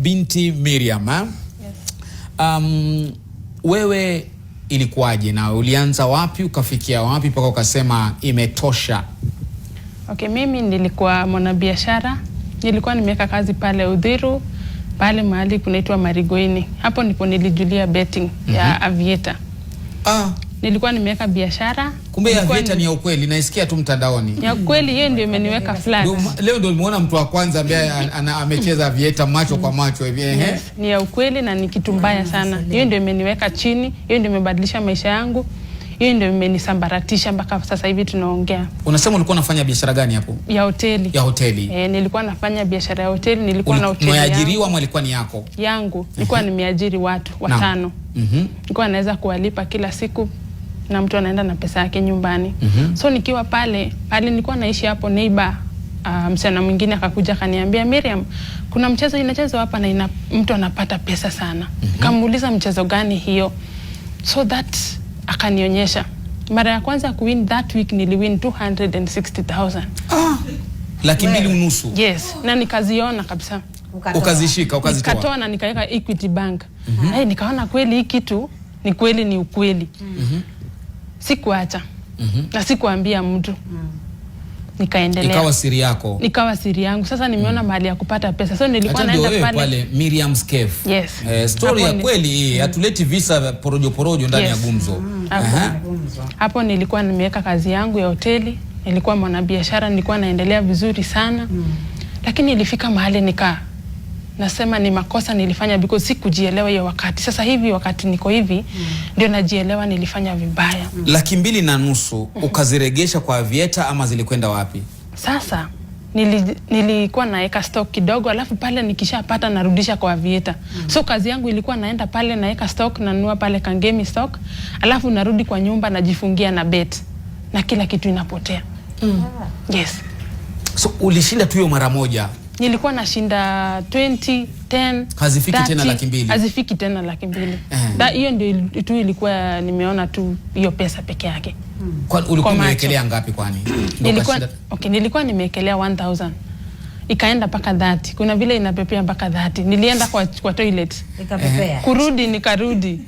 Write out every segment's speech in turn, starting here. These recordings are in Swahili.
Binti Miriam eh? Yes. Um, wewe ilikuwaje na ulianza wapi ukafikia wapi mpaka ukasema imetosha? Okay, mimi nilikuwa mwanabiashara, nilikuwa nimeweka kazi pale Udhiru pale mahali kunaitwa Marigoini, hapo ndipo nilijulia betting mm -hmm. ya mhm. Aviator. Ah nilikuwa nimeweka biashara. Kumbe ya vita ni ya ukweli, naisikia tu mtandaoni. Ya ukweli. hiyo ndio imeniweka flat. Leo ndio nimeona mtu wa kwanza ambaye amecheza vieta macho kwa macho hivi. Ehe. Ni ya ukweli na ni kitu mbaya ah, sana. Hiyo ndio imeniweka chini, hiyo ndio imebadilisha maisha yangu. Hiyo ndio imenisambaratisha mpaka sasa hivi tunaongea. Unasema ulikuwa unafanya biashara gani hapo? Ya hoteli. Ya hoteli. Eh, nilikuwa nafanya biashara ya hoteli, nilikuwa na hoteli. Umeajiriwa ama ilikuwa ni yako? Yangu. Nilikuwa nimeajiri watu watano. Mhm. Nilikuwa naweza kuwalipa kila siku na mtu anaenda na pesa yake nyumbani. mm -hmm. So nikiwa pale pale nilikuwa naishi hapo neighbor, uh, msichana mwingine akakuja akaniambia, Miriam, kuna mchezo inachezwa hapa na ina, mtu anapata pesa sana. mm -hmm. Kamuuliza mchezo gani hiyo? So that akanionyesha mara ya kwanza kuwin that week niliwin 260,000. Oh. Ah. Laki mbili unusu. Yes, na nikaziona kabisa. Ukazishika, ukazitoa. Nikatoa na nikaweka Equity Bank. Mm -hmm. Eh, hey, nikaona kweli hii kitu ni kweli ni ukweli. Mm -hmm sikuacha mm -hmm. na sikuambia mtu mm. Nikaendelea, ikawa siri yako, nikawa siri yangu. Sasa nimeona mm. mahali ya kupata pesa, so nilikuwa naenda pale pale Miriam's Cave. Yes, eh, story ya kweli hii, mm. hatuleti visa porojo porojo ndani ya mm, gumzo. Hapo nilikuwa nimeweka kazi yangu ya hoteli, nilikuwa mwanabiashara, nilikuwa naendelea vizuri sana mm. lakini ilifika mahali nikaa nasema ni makosa nilifanya because sikujielewa hiyo wakati. Sasa hivi wakati niko hivi mm. ndio najielewa nilifanya vibaya. Mm. laki mbili na nusu ukaziregesha kwa Aviator ama zilikwenda wapi? Sasa nili, nilikuwa naeka stock kidogo, alafu pale nikishapata narudisha kwa Aviator mm. so kazi yangu ilikuwa naenda pale naeka stock, nanunua pale Kangemi stock, alafu narudi kwa nyumba najifungia na bet na kila kitu inapotea mm. yes. so ulishinda tu hiyo mara moja nilikuwa nashinda 20 10 hazifiki tena laki mbili, hazifiki tena laki mbili. Eh. Hiyo ndio tu ilikuwa nimeona tu hiyo pesa peke yake. Ulikuwa umewekelea ngapi kwani? nilikuwa nimewekelea 1000 ikaenda mpaka dhati, kuna vile inapepea mpaka dhati. Nilienda kwa, kwa toilet ikapepea, eh. kurudi nikarudi.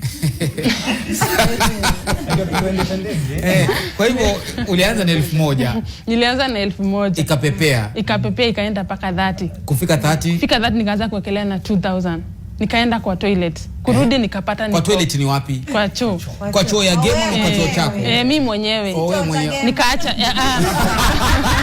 Eh, kwa hivyo ulianza na elfu moja? Nilianza na elfu moja ikapepea, ikapepea ikaenda mpaka dhati, kufika dhati, fika dhati nikaanza kuwekelea na 2000 nikaenda kwa toilet kurudi eh. nikapata niko. Kwa toilet ni wapi? Kwa choo. Kwa choo ya game au kwa choo chako? Eh, mimi mwenyewe oh, nikaacha ah.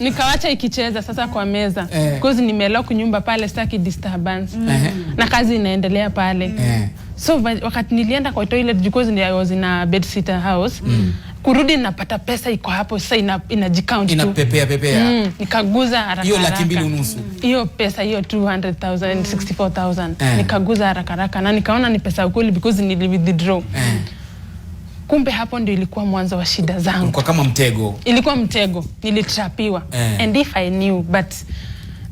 nikawacha ikicheza sasa kwa meza eh. nimelok nyumba pale staki disturbance eh. Na kazi inaendelea pale eh. So wakati nilienda kwa toilet because I was in a bedsitter house mm kurudi napata pesa iko hapo sasa, ina, ina jikaunt tu, inapepea pepea mm, nikaguza haraka hiyo laki mbili unusu hiyo pesa hiyo 200,000 mm, 64,000 eh, nikaguza haraka haraka na nikaona ni pesa kweli because nili withdraw eh. Kumbe hapo ndio ilikuwa mwanzo wa shida zangu, kwa kama mtego, ilikuwa mtego, nilitrapiwa eh. And if I knew but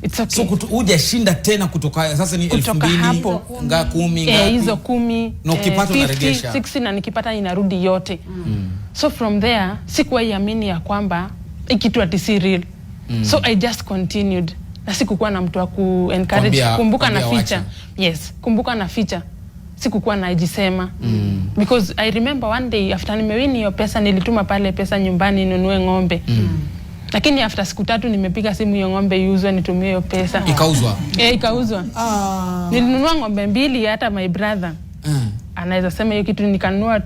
It's okay. So kutu, uja shinda tena kutoka sasa ni elfu mbili hapo nga kumi eh, hizo kumi na ukipata eh, unaregesha 60 na nikipata inarudi yote mm. Mm. So from there sikuwahi amini ya kwamba ikitu ati si real mm. So I just continued na sikukuwa na mtu wa ku encourage kumbuka na feature. Yes, kumbuka na ficha sikukuwa najisema mm. because I remember one day after nimewini hiyo pesa nilituma pale pesa nyumbani ninunue ng'ombe mm. Lakini after siku tatu nimepiga simu hiyo ng'ombe iuzwe nitumie hiyo pesa. Ah. Ikauzwa. Eh, ikauzwa. Ah. Nilinunua ng'ombe mbili hata my brother. Mm. Anaweza sema hiyo kitu nikanunua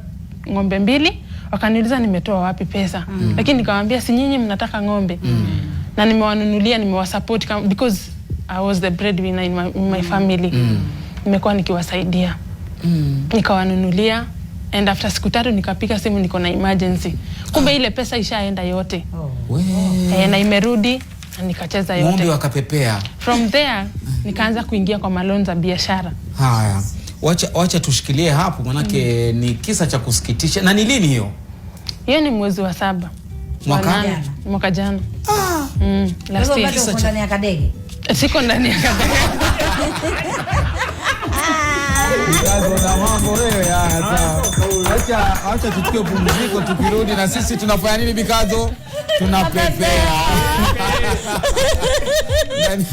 ng'ombe mbili mm wakaniuliza nimetoa wapi pesa mm. Lakini nikamwambia si nyinyi mnataka ng'ombe mm. na nimewanunulia, nimewasupport because I was the breadwinner in my, in my mm. family mm. Nimekuwa nikiwasaidia mm. nikawanunulia and after siku tatu nikapiga simu niko na emergency, kumbe ah. ile pesa ishaenda yote oh. E, na imerudi na nikacheza yote, ng'ombe wakapepea. From there mm. nikaanza kuingia kwa malonza biashara haya wacha, wacha tushikilie hapo manake mm. ni kisa cha kusikitisha. Na ni lini hiyo? Hiyo ni mwezi wa saba mwaka mwaka jana. Ah. Mm, ndani ya kadege. Siko ndani ya kadege. Acha pumziko, tukirudi na sisi tunafanya nini Bikazo? Tunapepea. Yaani,